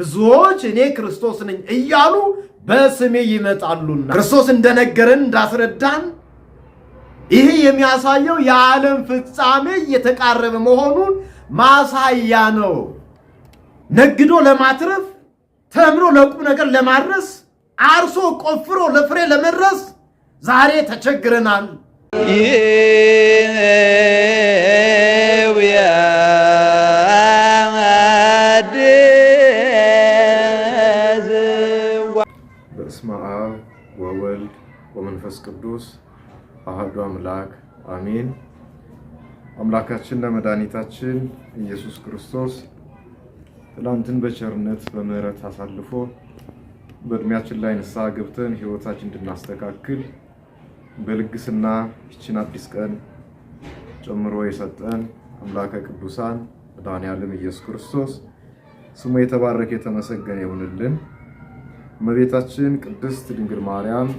ብዙዎች እኔ ክርስቶስ ነኝ እያሉ በስሜ ይመጣሉና ክርስቶስ እንደነገረን እንዳስረዳን ይህ የሚያሳየው የዓለም ፍጻሜ እየተቃረበ መሆኑን ማሳያ ነው። ነግዶ ለማትረፍ ተምሮ ለቁም ነገር ለማድረስ አርሶ ቆፍሮ ለፍሬ ለመድረስ ዛሬ ተቸግረናል። ወወልድ አምላክ አሜን። አምላካችን ለመድኃኒታችን ኢየሱስ ክርስቶስ ትላንትን በቸርነት በምሕረት አሳልፎ በእድሜያችን ላይ ንስሐ ገብተን ሕይወታችን እንድናስተካክል በልግስና ይችን አዲስ ቀን ጨምሮ የሰጠን አምላከ ቅዱሳን መድኃኔዓለም ኢየሱስ ክርስቶስ ስሙ የተባረከ የተመሰገነ ይሁንልን። እመቤታችን ቅድስት ድንግል ማርያም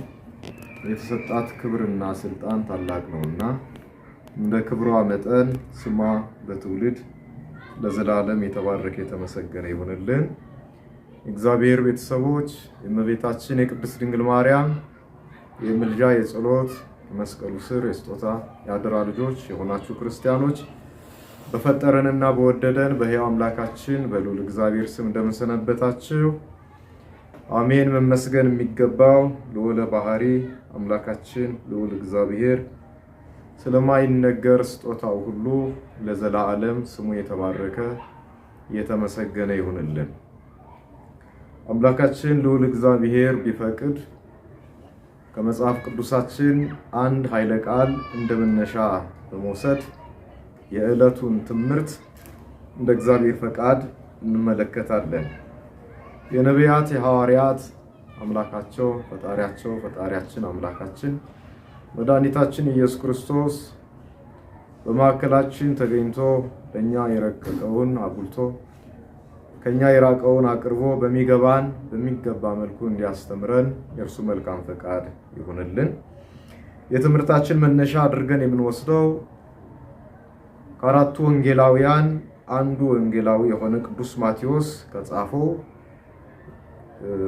የተሰጣት ክብርና ስልጣን ታላቅ ነውና እንደ ክብሯ መጠን ስሟ በትውልድ ለዘላለም የተባረከ የተመሰገነ ይሆንልን። እግዚአብሔር ቤተሰቦች የእመቤታችን የቅድስት ድንግል ማርያም የምልጃ የጸሎት የመስቀሉ ስር የስጦታ የአደራ ልጆች የሆናችሁ ክርስቲያኖች በፈጠረንና በወደደን በሕያው አምላካችን በልዑል እግዚአብሔር ስም እንደምንሰነበታችሁ አሜን። መመስገን የሚገባው ልዑለ ባህሪ አምላካችን ልዑል እግዚአብሔር ስለማይነገር ስጦታው ሁሉ ለዘላለም ስሙ የተባረከ የተመሰገነ ይሁንልን። አምላካችን ልዑል እግዚአብሔር ቢፈቅድ ከመጽሐፍ ቅዱሳችን አንድ ኃይለ ቃል እንደ መነሻ በመውሰድ የዕለቱን ትምህርት እንደ እግዚአብሔር ፈቃድ እንመለከታለን። የነቢያት የሐዋርያት አምላካቸው ፈጣሪያቸው ፈጣሪያችን አምላካችን መድኃኒታችን ኢየሱስ ክርስቶስ በማዕከላችን ተገኝቶ ለእኛ የረቀቀውን አጉልቶ ከእኛ የራቀውን አቅርቦ በሚገባን በሚገባ መልኩ እንዲያስተምረን የእርሱ መልካም ፈቃድ ይሁንልን። የትምህርታችን መነሻ አድርገን የምንወስደው ከአራቱ ወንጌላውያን አንዱ ወንጌላዊ የሆነ ቅዱስ ማቴዎስ ከጻፈው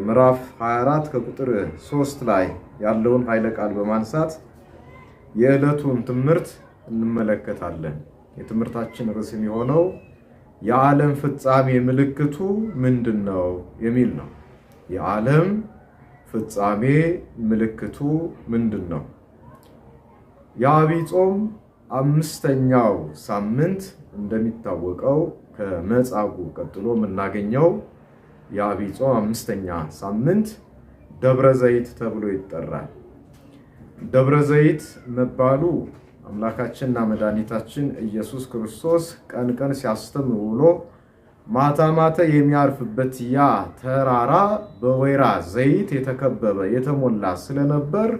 ምዕራፍ 24 ከቁጥር 3 ላይ ያለውን ኃይለ ቃል በማንሳት የዕለቱን ትምህርት እንመለከታለን። የትምህርታችን ርዕስ የሚሆነው የዓለም ፍጻሜ ምልክቱ ምንድን ነው የሚል ነው። የዓለም ፍጻሜ ምልክቱ ምንድን ነው? የዐቢይ ጾም አምስተኛው ሳምንት እንደሚታወቀው ከመጻጉዕ ቀጥሎ የምናገኘው የአብይ ጾም አምስተኛ ሳምንት ደብረ ዘይት ተብሎ ይጠራል። ደብረ ዘይት መባሉ አምላካችንና መድኃኒታችን ኢየሱስ ክርስቶስ ቀን ቀን ሲያስተምር ውሎ ማታ ማታ የሚያርፍበት ያ ተራራ በወይራ ዘይት የተከበበ የተሞላ ስለነበር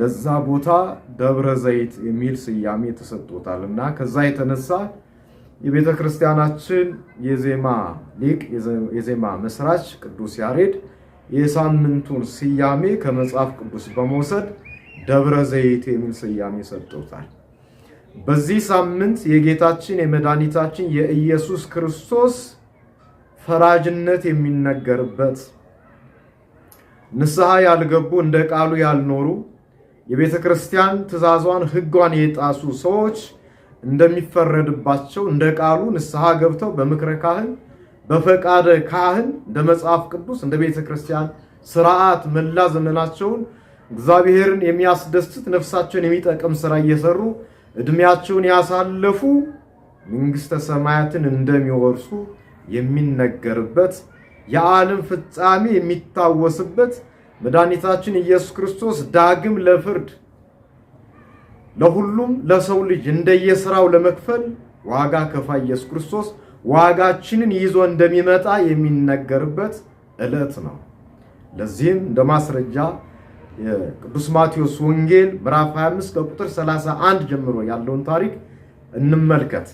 ለዛ ቦታ ደብረ ዘይት የሚል ስያሜ ተሰጥቶታል እና ከዛ የተነሳ የቤተ ክርስቲያናችን የዜማ ሊቅ የዜማ መስራች ቅዱስ ያሬድ የሳምንቱን ስያሜ ከመጽሐፍ ቅዱስ በመውሰድ ደብረ ዘይት የሚል ስያሜ ሰጥቶታል። በዚህ ሳምንት የጌታችን የመድኃኒታችን የኢየሱስ ክርስቶስ ፈራጅነት የሚነገርበት ንስሐ ያልገቡ እንደ ቃሉ ያልኖሩ የቤተ ክርስቲያን ትእዛዟን ሕጓን የጣሱ ሰዎች እንደሚፈረድባቸው እንደ ቃሉ ንስሐ ገብተው በምክረ ካህን በፈቃደ ካህን እንደ መጽሐፍ ቅዱስ እንደ ቤተ ክርስቲያን ስርዓት መላ ዘመናቸውን እግዚአብሔርን የሚያስደስት ነፍሳቸውን የሚጠቅም ስራ እየሰሩ እድሜያቸውን ያሳለፉ መንግስተ ሰማያትን እንደሚወርሱ የሚነገርበት የዓለም ፍጻሜ የሚታወስበት መድኃኒታችን ኢየሱስ ክርስቶስ ዳግም ለፍርድ ለሁሉም ለሰው ልጅ እንደየሥራው ለመክፈል ዋጋ ከፋ ኢየሱስ ክርስቶስ ዋጋችንን ይዞ እንደሚመጣ የሚነገርበት ዕለት ነው። ለዚህም እንደ ማስረጃ የቅዱስ ማቴዎስ ወንጌል ምዕራፍ 25 ከቁጥር 31 ጀምሮ ያለውን ታሪክ እንመልከት።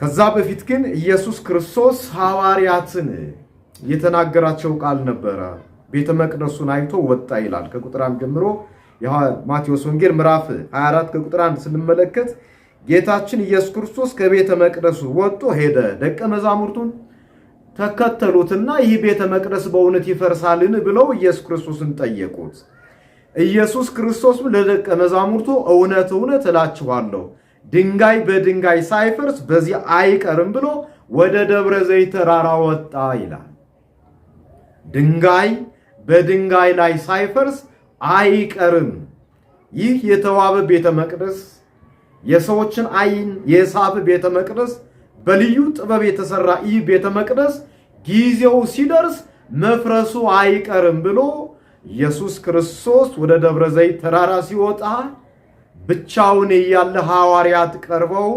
ከዛ በፊት ግን ኢየሱስ ክርስቶስ ሐዋርያትን የተናገራቸው ቃል ነበረ። ቤተ መቅደሱን አይቶ ወጣ ይላል። ከቁጥር አንድ ጀምሮ ማቴዎስ ወንጌል ምዕራፍ 24 ከቁጥር 1 ስንመለከት ጌታችን ኢየሱስ ክርስቶስ ከቤተ መቅደሱ ወጥቶ ሄደ፣ ደቀ መዛሙርቱን ተከተሉትና ይህ ቤተ መቅደስ በእውነት ይፈርሳልን ብለው ኢየሱስ ክርስቶስን ጠየቁት። ኢየሱስ ክርስቶስ ለደቀ መዛሙርቱ እውነት እውነት እላችኋለሁ ድንጋይ በድንጋይ ሳይፈርስ በዚህ አይቀርም ብሎ ወደ ደብረ ዘይት ተራራ ወጣ ይላል። ድንጋይ በድንጋይ ላይ ሳይፈርስ አይቀርም። ይህ የተዋበ ቤተ መቅደስ፣ የሰዎችን ዓይን የሳብ ቤተ መቅደስ፣ በልዩ ጥበብ የተሰራ ይህ ቤተ መቅደስ ጊዜው ሲደርስ መፍረሱ አይቀርም ብሎ ኢየሱስ ክርስቶስ ወደ ደብረ ዘይት ተራራ ሲወጣ ብቻውን እያለ ሐዋርያት ቀርበው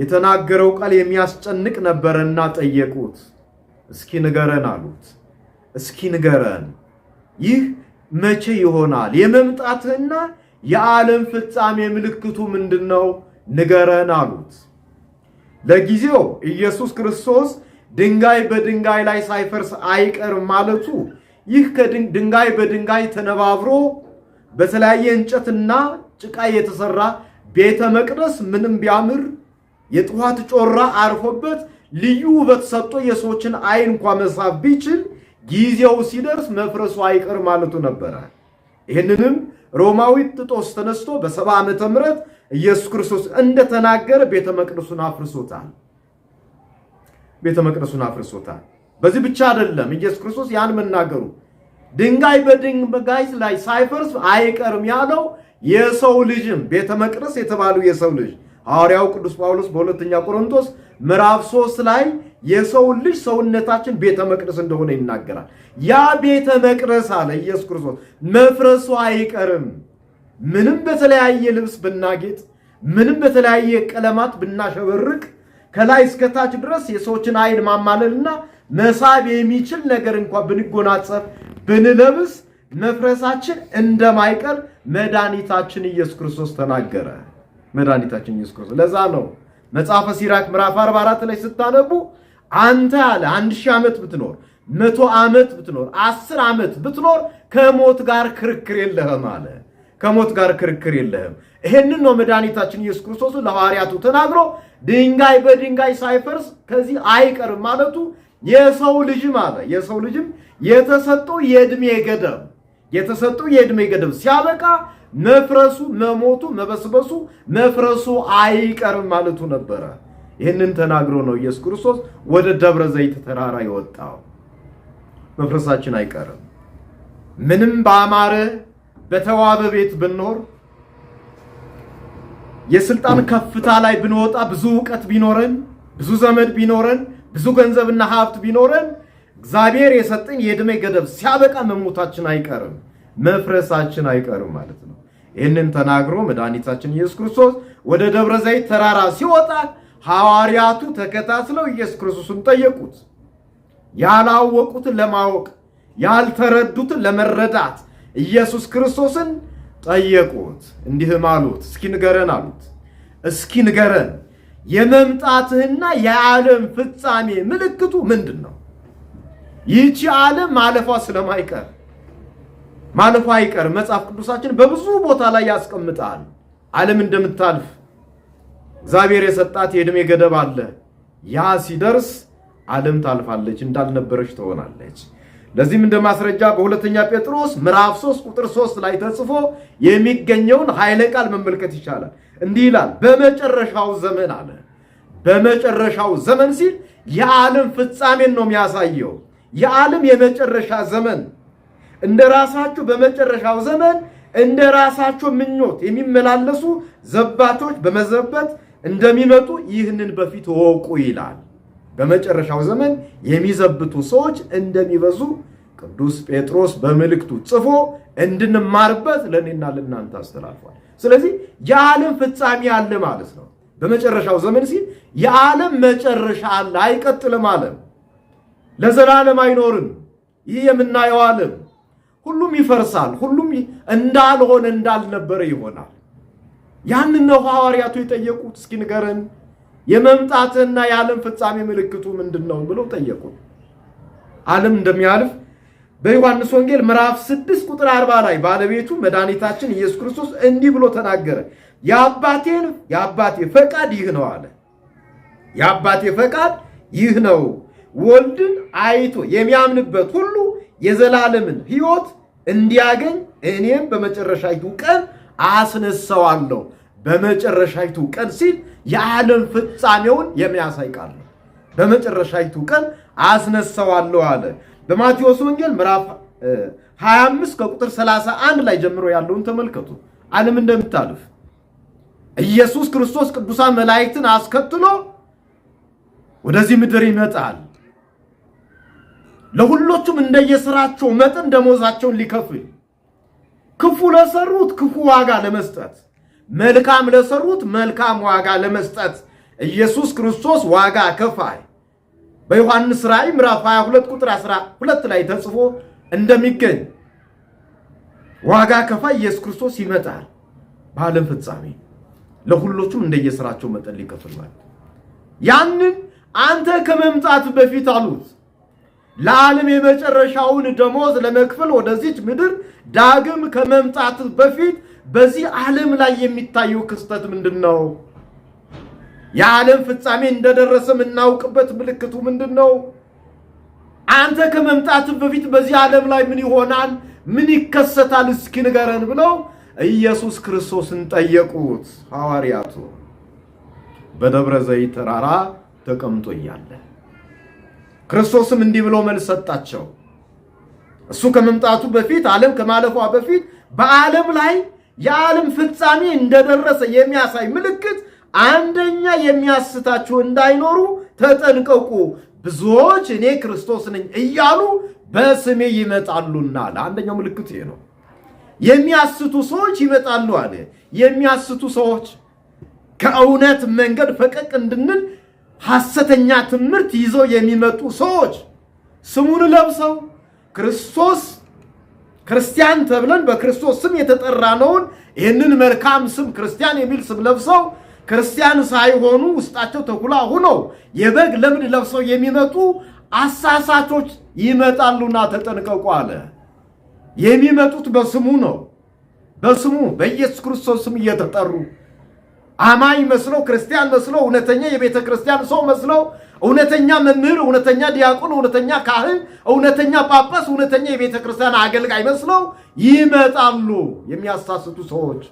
የተናገረው ቃል የሚያስጨንቅ ነበረና ጠየቁት። እስኪ ንገረን አሉት። እስኪ ንገረን ይህ መቼ ይሆናል? የመምጣትህና የዓለም ፍጻሜ ምልክቱ ምንድን ነው? ንገረን አሉት። ለጊዜው ኢየሱስ ክርስቶስ ድንጋይ በድንጋይ ላይ ሳይፈርስ አይቀርም ማለቱ ይህ ከድንጋይ በድንጋይ ተነባብሮ በተለያየ እንጨትና ጭቃ የተሰራ ቤተ መቅደስ ምንም ቢያምር የጥዋት ጮራ አርፎበት ልዩ ውበት ሰጥቶ የሰዎችን ዓይን እንኳ መሳብ ቢችል ጊዜው ሲደርስ መፍረሱ አይቀር ማለቱ ነበረ። ይህንንም ሮማዊ ጥጦስ ተነስቶ በሰባ ዓመተ ምህረት ኢየሱስ ክርስቶስ እንደተናገረ ቤተ መቅደሱን አፍርሶታል። ቤተ መቅደሱን አፍርሶታል። በዚህ ብቻ አይደለም ኢየሱስ ክርስቶስ ያን መናገሩ ድንጋይ በድንጋይ ላይ ሳይፈርስ አይቀርም ያለው የሰው ልጅም ቤተ መቅደስ የተባለው የሰው ልጅ ሐዋርያው ቅዱስ ጳውሎስ በሁለተኛ ቆሮንቶስ ምዕራፍ 3 ላይ የሰው ልጅ ሰውነታችን ቤተ መቅደስ እንደሆነ ይናገራል። ያ ቤተ መቅደስ አለ ኢየሱስ ክርስቶስ መፍረሱ አይቀርም። ምንም በተለያየ ልብስ ብናጌጥ፣ ምንም በተለያየ ቀለማት ብናሸበርቅ፣ ከላይ እስከታች ድረስ የሰዎችን አይን ማማለልና መሳብ የሚችል ነገር እንኳ ብንጎናጸፍ፣ ብንለብስ መፍረሳችን እንደማይቀር መድኃኒታችን ኢየሱስ ክርስቶስ ተናገረ። መድኃኒታችን ኢየሱስ ክርስቶስ ለዛ ነው መጽሐፈ ሲራክ ምዕራፍ 44 ላይ ስታነቡ አንተ አለ አንድ ሺህ ዓመት ብትኖር መቶ ዓመት ብትኖር አስር ዓመት ብትኖር ከሞት ጋር ክርክር የለህም አለ። ከሞት ጋር ክርክር የለህም። ይህንን ነው መድኃኒታችን ኢየሱስ ክርስቶስ ለሐዋርያቱ ተናግሮ ድንጋይ በድንጋይ ሳይፈርስ ከዚህ አይቀርም ማለቱ የሰው ልጅም አለ የሰው ልጅም የተሰጠው የእድሜ ገደብ የተሰጠው የእድሜ ገደብ ሲያበቃ መፍረሱ፣ መሞቱ፣ መበስበሱ፣ መፍረሱ አይቀርም ማለቱ ነበረ። ይህንን ተናግሮ ነው ኢየሱስ ክርስቶስ ወደ ደብረ ዘይት ተራራ የወጣው። መፍረሳችን አይቀርም። ምንም በአማረ በተዋበ ቤት ብንኖር፣ የስልጣን ከፍታ ላይ ብንወጣ፣ ብዙ እውቀት ቢኖረን፣ ብዙ ዘመድ ቢኖረን፣ ብዙ ገንዘብና ሀብት ቢኖረን፣ እግዚአብሔር የሰጠን የዕድሜ ገደብ ሲያበቃ መሞታችን አይቀርም፣ መፍረሳችን አይቀርም ማለት ነው። ይህንን ተናግሮ መድኃኒታችን ኢየሱስ ክርስቶስ ወደ ደብረ ዘይት ተራራ ሲወጣ ሐዋርያቱ ተከታትለው ኢየሱስ ክርስቶስን ጠየቁት። ያላወቁትን ለማወቅ ያልተረዱትን ለመረዳት ኢየሱስ ክርስቶስን ጠየቁት። እንዲህም አሉት፣ እስኪ ንገረን አሉት፣ እስኪ ንገረን የመምጣትህና የዓለም ፍጻሜ ምልክቱ ምንድን ነው? ይህቺ ዓለም ማለፏ ስለማይቀር ማለፏ አይቀር መጽሐፍ ቅዱሳችን በብዙ ቦታ ላይ ያስቀምጣል። ዓለም እንደምታልፍ እግዚአብሔር የሰጣት የዕድሜ ገደብ አለ። ያ ሲደርስ ዓለም ታልፋለች፣ እንዳልነበረች ትሆናለች። ለዚህም እንደ ማስረጃ በሁለተኛ ጴጥሮስ ምዕራፍ 3 ቁጥር 3 ላይ ተጽፎ የሚገኘውን ኃይለ ቃል መመልከት ይቻላል። እንዲህ ይላል፣ በመጨረሻው ዘመን አለ። በመጨረሻው ዘመን ሲል የዓለም ፍጻሜን ነው የሚያሳየው። የዓለም የመጨረሻ ዘመን እንደ በመጨረሻው ዘመን እንደ ራሳቸው ምኞት የሚመላለሱ ዘባቾች በመዘበት እንደሚመጡ ይህንን በፊት ወቁ ይላል። በመጨረሻው ዘመን የሚዘብቱ ሰዎች እንደሚበዙ ቅዱስ ጴጥሮስ በመልእክቱ ጽፎ እንድንማርበት ለእኔና ለእናንተ አስተላልፏል። ስለዚህ የዓለም ፍጻሜ አለ ማለት ነው። በመጨረሻው ዘመን ሲል የዓለም መጨረሻ አለ፣ አይቀጥልም። ዓለም ለዘላለም አይኖርም። ይህ የምናየው ዓለም ሁሉም ይፈርሳል። ሁሉም እንዳልሆነ እንዳልነበረ ይሆናል። ያንን ነው ሐዋርያቱ የጠየቁት። እስኪ ንገረን የመምጣትና የዓለም ፍጻሜ ምልክቱ ምንድን ነው ብለው ጠየቁ። ዓለም እንደሚያልፍ በዮሐንስ ወንጌል ምዕራፍ 6 ቁጥር 40 ላይ ባለቤቱ መድኃኒታችን ኢየሱስ ክርስቶስ እንዲህ ብሎ ተናገረ። የአባቴን የአባቴ ፈቃድ ይህ ነው አለ። የአባቴ ፈቃድ ይህ ነው፣ ወልድን አይቶ የሚያምንበት ሁሉ የዘላለምን ሕይወት እንዲያገኝ እኔም በመጨረሻይቱ ቀን አስነሳዋለሁ በመጨረሻይቱ ቀን ሲል የዓለም ፍጻሜውን የሚያሳይ ቃል ነው። በመጨረሻይቱ ቀን አስነሳዋለሁ አለ። በማቴዎስ ወንጌል ምዕራፍ 25 ከቁጥር 31 ላይ ጀምሮ ያለውን ተመልከቱ። ዓለም እንደምታልፍ ኢየሱስ ክርስቶስ ቅዱሳን መላእክትን አስከትሎ ወደዚህ ምድር ይመጣል። ለሁሎቹም እንደየስራቸው መጠን ደሞዛቸውን ሊከፍል ክፉ ለሰሩት ክፉ ዋጋ ለመስጠት መልካም ለሰሩት መልካም ዋጋ ለመስጠት ኢየሱስ ክርስቶስ ዋጋ ከፋይ በዮሐንስ ራእይ ምዕራፍ 22 ቁጥር 12 ላይ ተጽፎ እንደሚገኝ ዋጋ ከፋይ ኢየሱስ ክርስቶስ ይመጣል በዓለም ፍጻሜ ለሁሎቹም እንደየሥራቸው መጠን ሊከፍል ማለት ያንን አንተ ከመምጣት በፊት አሉት ለዓለም የመጨረሻውን ደሞዝ ለመክፈል ወደዚች ምድር ዳግም ከመምጣት በፊት በዚህ ዓለም ላይ የሚታየው ክስተት ምንድን ነው? የዓለም ፍጻሜ እንደደረሰ የምናውቅበት ምልክቱ ምንድን ነው? አንተ ከመምጣት በፊት በዚህ ዓለም ላይ ምን ይሆናል? ምን ይከሰታል? እስኪ ንገረን ብለው ኢየሱስ ክርስቶስን ጠየቁት ሐዋርያቱ። በደብረ ዘይት ተራራ ተቀምጦ እያለ ክርስቶስም እንዲህ ብሎ መልስ ሰጣቸው። እሱ ከመምጣቱ በፊት ዓለም ከማለፏ በፊት በዓለም ላይ የዓለም ፍጻሜ እንደደረሰ የሚያሳይ ምልክት አንደኛ የሚያስታችሁ እንዳይኖሩ ተጠንቀቁ፣ ብዙዎች እኔ ክርስቶስ ነኝ እያሉ በስሜ ይመጣሉና አለ። አንደኛው ምልክት ይሄ ነው። የሚያስቱ ሰዎች ይመጣሉ አለ። የሚያስቱ ሰዎች ከእውነት መንገድ ፈቀቅ እንድንል ሐሰተኛ ትምህርት ይዘው የሚመጡ ሰዎች ስሙን ለብሰው ክርስቶስ ክርስቲያን ተብለን በክርስቶስ ስም የተጠራነውን ይህንን መልካም ስም ክርስቲያን የሚል ስም ለብሰው ክርስቲያን ሳይሆኑ ውስጣቸው ተኩላ ሁነው የበግ ለምድ ለብሰው የሚመጡ አሳሳቾች ይመጣሉና ተጠንቀቁ አለ። የሚመጡት በስሙ ነው። በስሙ በኢየሱስ ክርስቶስ ስም እየተጠሩ አማኝ መስሎ ክርስቲያን መስሎ እውነተኛ የቤተ ክርስቲያን ሰው መስሎ እውነተኛ መምህር፣ እውነተኛ ዲያቆን፣ እውነተኛ ካህን፣ እውነተኛ ጳጳስ፣ እውነተኛ የቤተ ክርስቲያን አገልጋይ መስለው ይመጣሉ የሚያሳስቱ ሰዎች።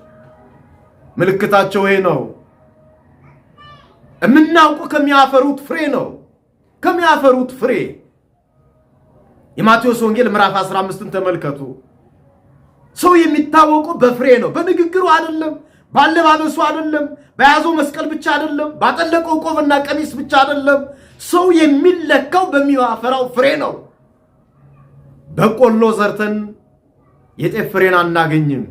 ምልክታቸው ይሄ ነው። የምናውቁ ከሚያፈሩት ፍሬ ነው። ከሚያፈሩት ፍሬ የማቴዎስ ወንጌል ምዕራፍ 15ን ተመልከቱ። ሰው የሚታወቁ በፍሬ ነው፣ በንግግሩ አይደለም። ባለባበሱ አይደለም፣ በያዘው መስቀል ብቻ አይደለም፣ ባጠለቀው ቆብና ቀሚስ ብቻ አይደለም። ሰው የሚለካው በሚያፈራው ፍሬ ነው። በቆሎ ዘርተን የጤፍ ፍሬን አናገኝም።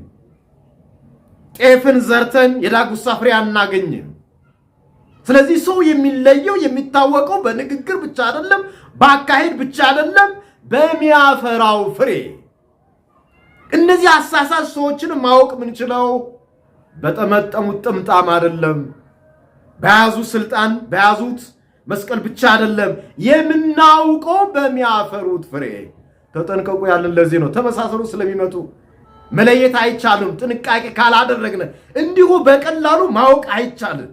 ጤፍን ዘርተን የዳጉሳ ፍሬ አናገኝም። ስለዚህ ሰው የሚለየው የሚታወቀው በንግግር ብቻ አይደለም፣ በአካሄድ ብቻ አይደለም፣ በሚያፈራው ፍሬ። እነዚህ አሳሳስ ሰዎችን ማወቅ ምንችለው በጠመጠሙት ጥምጣም አይደለም፣ በያዙ ስልጣን በያዙት መስቀል ብቻ አይደለም የምናውቀው በሚያፈሩት ፍሬ። ተጠንቀቁ ያለን ለዚህ ነው። ተመሳሰሉ ስለሚመጡ መለየት አይቻልም፣ ጥንቃቄ ካላደረግን እንዲሁ በቀላሉ ማወቅ አይቻልም።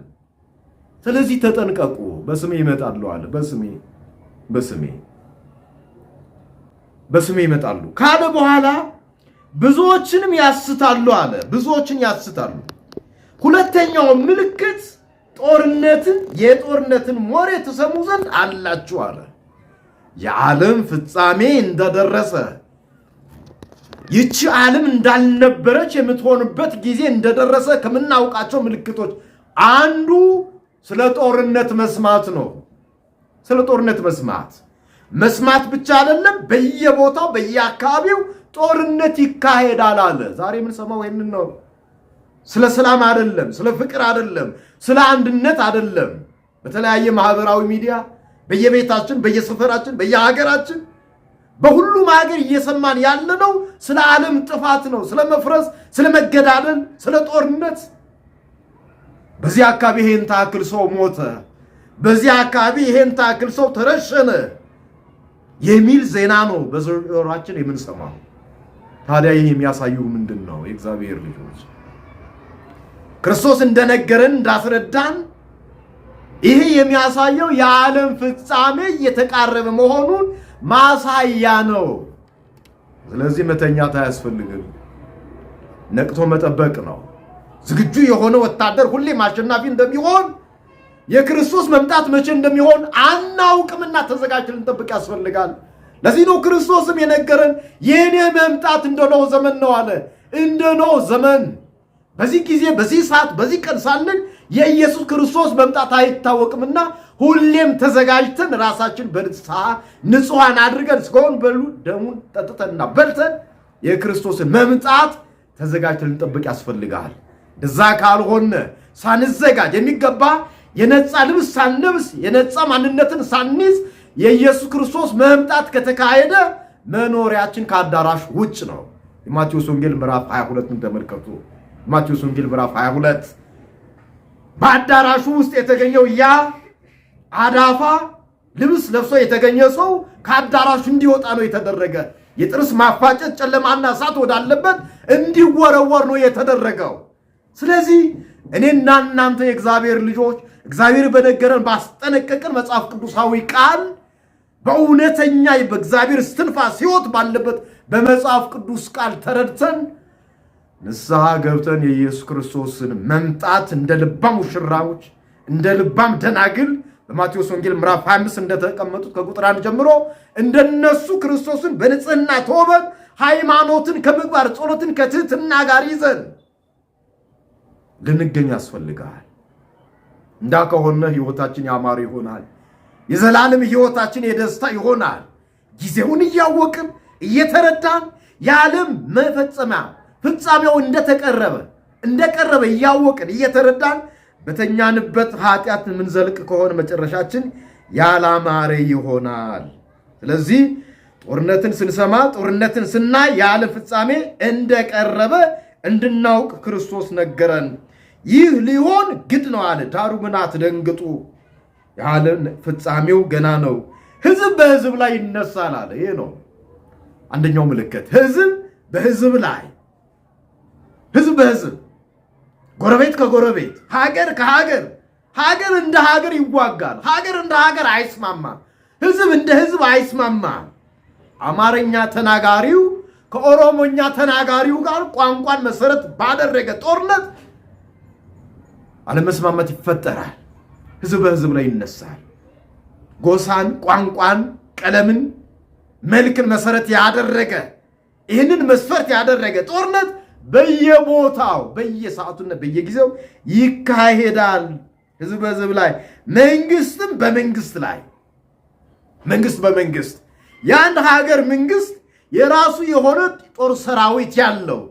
ስለዚህ ተጠንቀቁ። በስሜ ይመጣሉ አለ። በስሜ በስሜ በስሜ ይመጣሉ ካለ በኋላ ብዙዎችንም ያስታሉ አለ። ብዙዎችን ያስታሉ ሁለተኛው ምልክት ጦርነትን የጦርነትን ወሬ ትሰሙ ዘንድ አላችሁ አለ። የዓለም ፍጻሜ እንደደረሰ ይቺ ዓለም እንዳልነበረች የምትሆንበት ጊዜ እንደደረሰ ከምናውቃቸው ምልክቶች አንዱ ስለ ጦርነት መስማት ነው። ስለ ጦርነት መስማት መስማት ብቻ አይደለም፣ በየቦታው በየአካባቢው ጦርነት ይካሄዳል አለ። ዛሬ የምንሰማው ይህንን ነው። ስለ ሰላም አይደለም፣ ስለ ፍቅር አይደለም፣ ስለ አንድነት አይደለም። በተለያየ ማህበራዊ ሚዲያ በየቤታችን፣ በየሰፈራችን፣ በየሀገራችን በሁሉም ሀገር እየሰማን ያለነው ስለ ዓለም ጥፋት ነው፣ ስለ መፍረስ፣ ስለ መገዳደል፣ ስለ ጦርነት። በዚህ አካባቢ ይሄን ታክል ሰው ሞተ፣ በዚህ አካባቢ ይሄን ታክል ሰው ተረሸነ የሚል ዜና ነው በዙሪያችን የምንሰማው። ታዲያ ይህ የሚያሳዩ ምንድን ነው? የእግዚአብሔር ልጆች ክርስቶስ እንደነገረን እንዳስረዳን ይህ የሚያሳየው የዓለም ፍጻሜ እየተቃረበ መሆኑን ማሳያ ነው። ስለዚህ መተኛት አያስፈልግም፣ ነቅቶ መጠበቅ ነው። ዝግጁ የሆነ ወታደር ሁሌም አሸናፊ እንደሚሆን የክርስቶስ መምጣት መቼ እንደሚሆን አናውቅምና ተዘጋጅተን ልንጠብቅ ያስፈልጋል። ለዚህ ነው ክርስቶስም የነገረን የእኔ መምጣት እንደ ኖኅ ዘመን ነው አለ። እንደ ኖኅ ዘመን በዚህ ጊዜ በዚህ ሰዓት በዚህ ቀን ሳለን የኢየሱስ ክርስቶስ መምጣት አይታወቅምና ሁሌም ተዘጋጅተን ራሳችን በንስሐ ንጹሐን አድርገን እስከሆን በሉ ደሙን ጠጥተንና በልተን የክርስቶስን መምጣት ተዘጋጅተን ልንጠብቅ ያስፈልጋል። እዛ ካልሆነ ሳንዘጋጅ የሚገባ የነፃ ልብስ ሳንለብስ የነፃ ማንነትን ሳንይዝ የኢየሱስ ክርስቶስ መምጣት ከተካሄደ መኖሪያችን ከአዳራሽ ውጭ ነው። የማቴዎስ ወንጌል ምዕራፍ 22ን ተመልከቱ። ማቴዎስ ወንጌል ምዕራፍ 22 በአዳራሹ ውስጥ የተገኘው ያ አዳፋ ልብስ ለብሶ የተገኘ ሰው ከአዳራሹ እንዲወጣ ነው የተደረገ። የጥርስ ማፋጨት ጨለማና እሳት ወዳለበት እንዲወረወር ነው የተደረገው። ስለዚህ እኔና እናንተ የእግዚአብሔር ልጆች እግዚአብሔር በነገረን ባስጠነቀቀን መጽሐፍ ቅዱሳዊ ቃል በእውነተኛ በእግዚአብሔር እስትንፋስ ሕይወት ባለበት በመጽሐፍ ቅዱስ ቃል ተረድተን ንስሐ ገብተን የኢየሱስ ክርስቶስን መምጣት እንደ ልባም ሙሽራዎች እንደ ልባም ደናግል በማቴዎስ ወንጌል ምዕራፍ 25 እንደተቀመጡት ከቁጥር አንድ ጀምሮ እንደነሱ ክርስቶስን በንጽህና ተውበን ሃይማኖትን ከምግባር ጸሎትን ከትህትና ጋር ይዘን ልንገኝ ያስፈልጋል። እንዳ ከሆነ ህይወታችን ያማረ ይሆናል። የዘላለም ህይወታችን የደስታ ይሆናል። ጊዜውን እያወቅን እየተረዳን የዓለም መፈጸሚያ ፍጻሜው እንደተቀረበ እንደቀረበ እያወቅን እየተረዳን በተኛንበት ኃጢአት የምንዘልቅ ከሆነ መጨረሻችን ያላማረ ይሆናል። ስለዚህ ጦርነትን ስንሰማ ጦርነትን ስናይ የዓለም ፍጻሜ እንደቀረበ እንድናውቅ ክርስቶስ ነገረን። ይህ ሊሆን ግድ ነው አለ። ዳሩ ግን አትደንግጡ፣ የዓለም ፍጻሜው ገና ነው። ህዝብ በህዝብ ላይ ይነሳል አለ። ይህ ነው አንደኛው ምልክት፣ ህዝብ በህዝብ ላይ ህዝብ በህዝብ ጎረቤት ከጎረቤት ሀገር ከሀገር ሀገር እንደ ሀገር ይዋጋል። ሀገር እንደ ሀገር አይስማማም። ህዝብ እንደ ህዝብ አይስማማም። አማርኛ ተናጋሪው ከኦሮሞኛ ተናጋሪው ጋር ቋንቋን መሰረት ባደረገ ጦርነት አለመስማማት ይፈጠራል። ህዝብ በህዝብ ላይ ይነሳል። ጎሳን፣ ቋንቋን፣ ቀለምን፣ መልክን መሰረት ያደረገ ይህንን መስፈርት ያደረገ ጦርነት በየቦታው በየሰዓቱና በየጊዜው ይካሄዳል። ህዝብ በህዝብ ላይ፣ መንግስትም በመንግስት ላይ መንግስት በመንግስት የአንድ ሀገር መንግስት የራሱ የሆነ ጦር ሰራዊት ያለው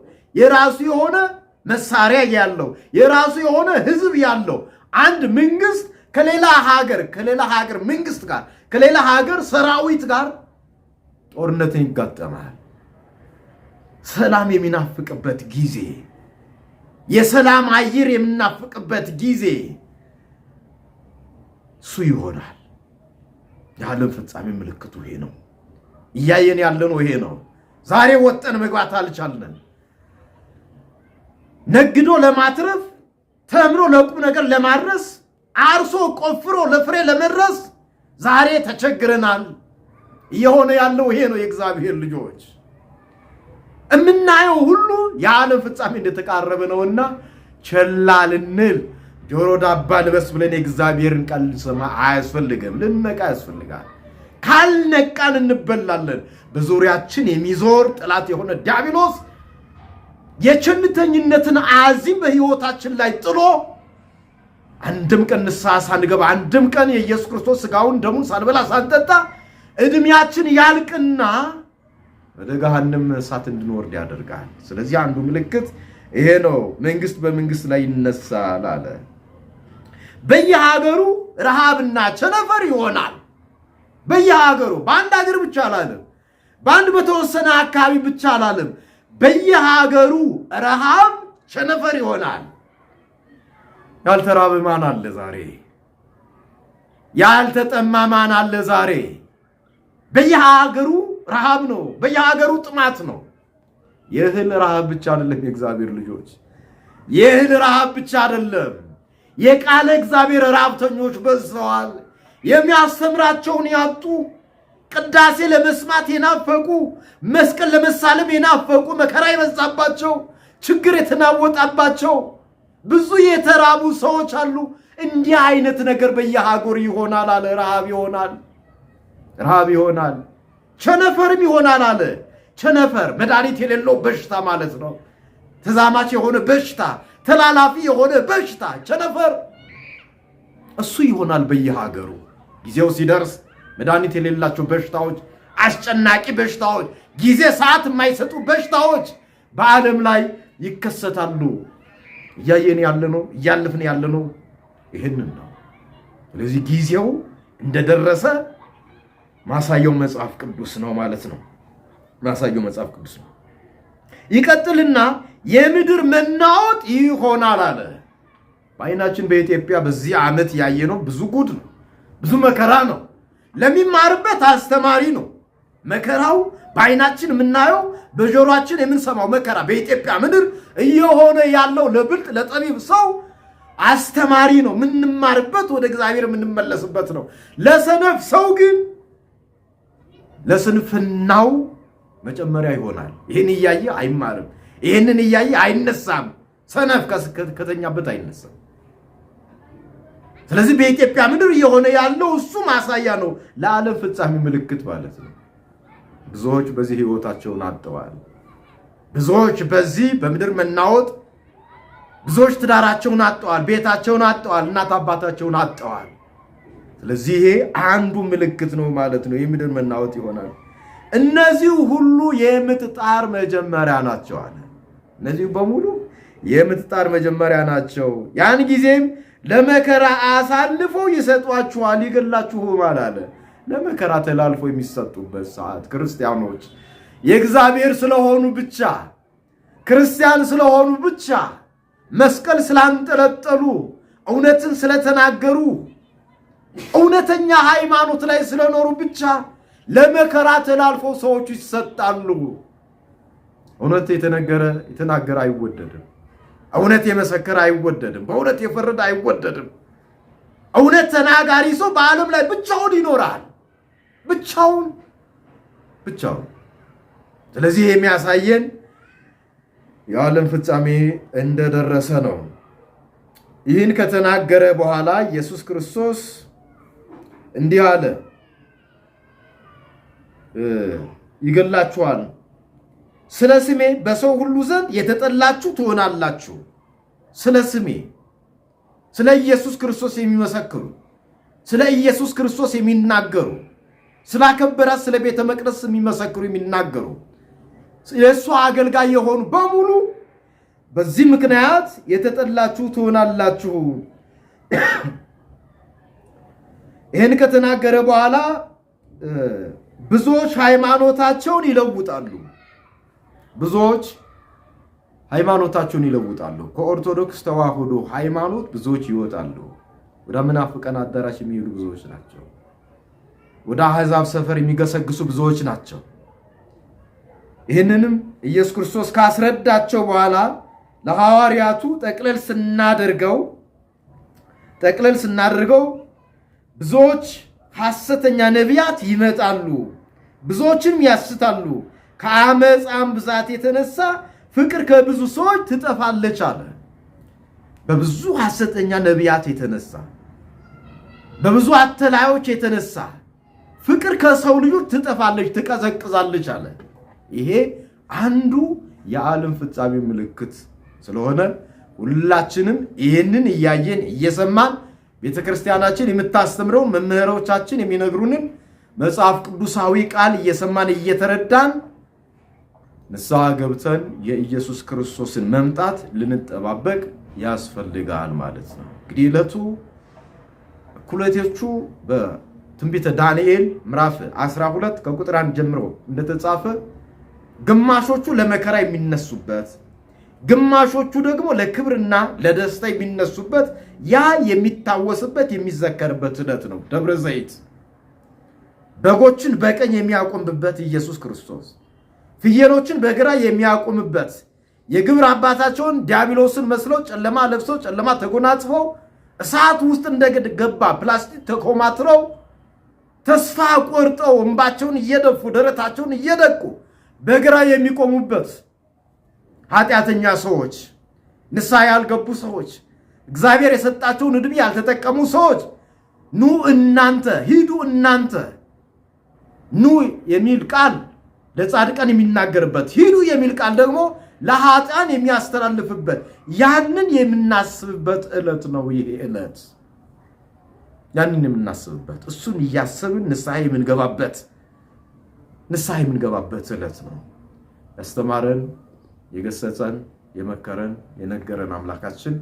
የራሱ የሆነ መሳሪያ ያለው የራሱ የሆነ ህዝብ ያለው አንድ መንግስት ከሌላ ሀገር ከሌላ ሀገር መንግስት ጋር ከሌላ ሀገር ሰራዊት ጋር ጦርነትን ይጋጠማል። ሰላም የሚናፍቅበት ጊዜ፣ የሰላም አየር የምናፍቅበት ጊዜ እሱ ይሆናል። የዓለም ፍጻሜ ምልክቱ ይሄ ነው። እያየን ያለነው ይሄ ነው። ዛሬ ወጠን መግባት አልቻለን። ነግዶ ለማትረፍ ተምሮ ለቁም ነገር ለማድረስ አርሶ ቆፍሮ ለፍሬ ለመድረስ ዛሬ ተቸግረናል። እየሆነ ያለው ይሄ ነው። የእግዚአብሔር ልጆች እምናየው ሁሉ የዓለም ፍጻሜ እንደተቃረበ ነውና ቸላ ልንል ጆሮ ዳባ ልበስ ብለን የእግዚአብሔርን ቃል ልንሰማ አያስፈልግም። ልንነቃ ያስፈልጋል። ካልነቃን እንበላለን። በዙሪያችን የሚዞር ጠላት የሆነ ዲያብሎስ የቸልተኝነትን አዚም በሕይወታችን ላይ ጥሎ አንድም ቀን ንስሐ ሳንገባ አንድም ቀን የኢየሱስ ክርስቶስ ሥጋውን ደሙን ሳንበላ ሳንጠጣ እድሜያችን ያልቅና ወደ ገሃነም እሳት እንድንወርድ ያደርጋል። ስለዚህ አንዱ ምልክት ይሄ ነው። መንግስት በመንግስት ላይ ይነሳል አለ። በየሀገሩ ረሃብና ቸነፈር ይሆናል። በየሀገሩ በአንድ ሀገር ብቻ አላለም፣ በአንድ በተወሰነ አካባቢ ብቻ አላለም። በየሀገሩ ረሃብ ቸነፈር ይሆናል። ያልተራበ ማን አለ ዛሬ? ያልተጠማ ማን አለ ዛሬ? በየሀገሩ ረሃብ ነው፣ በየሀገሩ ጥማት ነው። የእህል ረሃብ ብቻ አይደለም የእግዚአብሔር ልጆች፣ የእህል ረሃብ ብቻ አይደለም። የቃለ እግዚአብሔር ረሃብተኞች በዝተዋል። የሚያስተምራቸውን ያጡ፣ ቅዳሴ ለመስማት የናፈቁ፣ መስቀል ለመሳለም የናፈቁ፣ መከራ የበዛባቸው፣ ችግር የተናወጣባቸው ብዙ የተራቡ ሰዎች አሉ። እንዲህ አይነት ነገር በየሀገሩ ይሆናል አለ። ረሃብ ይሆናል፣ ረሃብ ይሆናል። ቸነፈርም ይሆናል አለ። ቸነፈር መድኃኒት የሌለው በሽታ ማለት ነው። ተዛማች የሆነ በሽታ፣ ተላላፊ የሆነ በሽታ ቸነፈር እሱ ይሆናል በየሀገሩ። ጊዜው ሲደርስ መድኃኒት የሌላቸው በሽታዎች፣ አስጨናቂ በሽታዎች፣ ጊዜ ሰዓት የማይሰጡ በሽታዎች በዓለም ላይ ይከሰታሉ። እያየን ያለ ነው፣ እያለፍን ያለ ነው። ይህንን ነው። ስለዚህ ጊዜው እንደደረሰ ማሳየው መጽሐፍ ቅዱስ ነው ማለት ነው። ማሳየው መጽሐፍ ቅዱስ ነው። ይቀጥልና የምድር መናወጥ ይሆናል አለ። በአይናችን በኢትዮጵያ በዚህ ዓመት ያየነው ብዙ ጉድ ነው፣ ብዙ መከራ ነው። ለሚማርበት አስተማሪ ነው። መከራው በአይናችን የምናየው በጆሮአችን የምንሰማው መከራ በኢትዮጵያ ምድር እየሆነ ያለው ለብልጥ ለጠቢብ ሰው አስተማሪ ነው። የምንማርበት ወደ እግዚአብሔር የምንመለስበት ነው። ለሰነፍ ሰው ግን ለስንፍናው መጨመሪያ ይሆናል። ይህን እያየ አይማርም። ይህንን እያየ አይነሳም። ሰነፍ ከተኛበት አይነሳም። ስለዚህ በኢትዮጵያ ምድር እየሆነ ያለው እሱ ማሳያ ነው፣ ለዓለም ፍጻሜ ምልክት ማለት ነው። ብዙዎች በዚህ ህይወታቸውን አጥተዋል። ብዙዎች በዚህ በምድር መናወጥ፣ ብዙዎች ትዳራቸውን አጥተዋል፣ ቤታቸውን አጥተዋል፣ እናት አባታቸውን አጥተዋል። ስለዚህ ይሄ አንዱ ምልክት ነው ማለት ነው። የምድር መናወጥ ይሆናል። እነዚህ ሁሉ የምጥጣር መጀመሪያ ናቸው አለ። እነዚህ በሙሉ የምጥጣር መጀመሪያ ናቸው። ያን ጊዜም ለመከራ አሳልፈው ይሰጧችኋል፣ ይገላችሁማል አለ። ለመከራ ተላልፎ የሚሰጡበት ሰዓት ክርስቲያኖች የእግዚአብሔር ስለሆኑ ብቻ ክርስቲያን ስለሆኑ ብቻ መስቀል ስላንጠለጠሉ እውነትን ስለተናገሩ እውነተኛ ሃይማኖት ላይ ስለኖሩ ብቻ ለመከራ ተላልፎ ሰዎቹ ይሰጣሉ። እውነት የተነገረ የተናገረ አይወደድም። እውነት የመሰከረ አይወደድም። በእውነት የፈረደ አይወደድም። እውነት ተናጋሪ ሰው በዓለም ላይ ብቻውን ይኖራል። ብቻውን ብቻውን። ስለዚህ የሚያሳየን የዓለም ፍጻሜ እንደደረሰ ነው። ይህን ከተናገረ በኋላ ኢየሱስ ክርስቶስ እንዲህ አለ፣ ይገላችኋል። ስለ ስሜ በሰው ሁሉ ዘንድ የተጠላችሁ ትሆናላችሁ። ስለ ስሜ ስለ ኢየሱስ ክርስቶስ የሚመሰክሩ ስለ ኢየሱስ ክርስቶስ የሚናገሩ ስላከበራት ስለ ቤተ መቅደስ የሚመሰክሩ የሚናገሩ የእሱ አገልጋይ የሆኑ በሙሉ በዚህ ምክንያት የተጠላችሁ ትሆናላችሁ። ይህን ከተናገረ በኋላ ብዙዎች ሃይማኖታቸውን ይለውጣሉ። ብዙዎች ሃይማኖታቸውን ይለውጣሉ። ከኦርቶዶክስ ተዋህዶ ሃይማኖት ብዙዎች ይወጣሉ። ወደ መናፍቃን አዳራሽ የሚሄዱ ብዙዎች ናቸው። ወደ አህዛብ ሰፈር የሚገሰግሱ ብዙዎች ናቸው። ይህንንም ኢየሱስ ክርስቶስ ካስረዳቸው በኋላ ለሐዋርያቱ ጠቅለል ስናደርገው ጠቅለል ስናደርገው ብዙዎች ሐሰተኛ ነቢያት ይመጣሉ፣ ብዙዎችም ያስታሉ። ከአመፃም ብዛት የተነሳ ፍቅር ከብዙ ሰዎች ትጠፋለች አለ። በብዙ ሐሰተኛ ነቢያት የተነሳ በብዙ አተላዮች የተነሳ ፍቅር ከሰው ልጆች ትጠፋለች፣ ትቀዘቅዛለች አለ። ይሄ አንዱ የዓለም ፍጻሜ ምልክት ስለሆነ ሁላችንም ይህንን እያየን እየሰማን ቤተ ክርስቲያናችን የምታስተምረው መምህሮቻችን የሚነግሩንን መጽሐፍ ቅዱሳዊ ቃል እየሰማን እየተረዳን ንስሐ ገብተን የኢየሱስ ክርስቶስን መምጣት ልንጠባበቅ ያስፈልጋል ማለት ነው። እንግዲህ ዕለቱ እኩሌቶቹ በትንቢተ ዳንኤል ምዕራፍ 12 ከቁጥር አንድ ጀምሮ እንደተጻፈ ግማሾቹ ለመከራ የሚነሱበት ግማሾቹ ደግሞ ለክብርና ለደስታ የሚነሱበት ያ የሚታወስበት የሚዘከርበት ዕለት ነው። ደብረ ዘይት በጎችን በቀኝ የሚያቆምበት ኢየሱስ ክርስቶስ ፍየሎችን በግራ የሚያቆምበት የግብር አባታቸውን ዲያብሎስን መስለው ጨለማ ለብሰው ጨለማ ተጎናጽፈው እሳት ውስጥ እንደገባ ፕላስቲክ ተኮማትረው ተስፋ ቆርጠው እንባቸውን እየደፉ ደረታቸውን እየደቁ በግራ የሚቆሙበት ኃጢአተኛ ሰዎች፣ ንስሐ ያልገቡ ሰዎች፣ እግዚአብሔር የሰጣቸውን ዕድሜ ያልተጠቀሙ ሰዎች ኑ እናንተ ሂዱ እናንተ ኑ የሚል ቃል ለጻድቃን የሚናገርበት ሂዱ የሚል ቃል ደግሞ ለኃጥአን የሚያስተላልፍበት ያንን የምናስብበት ዕለት ነው። ይሄ ዕለት ያንን የምናስብበት እሱን እያሰብን ንስሐ የምንገባበት ንስሐ የምንገባበት ዕለት ነው ያስተማረን የገሰጸን የመከረን የነገረን አምላካችን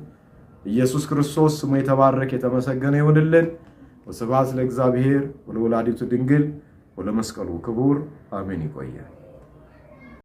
ኢየሱስ ክርስቶስ ስሙ የተባረክ የተመሰገነ ይሁንልን። ወስብሐት ለእግዚአብሔር ወለወላዲቱ ድንግል ወለመስቀሉ ክቡር አሜን። ይቆያል።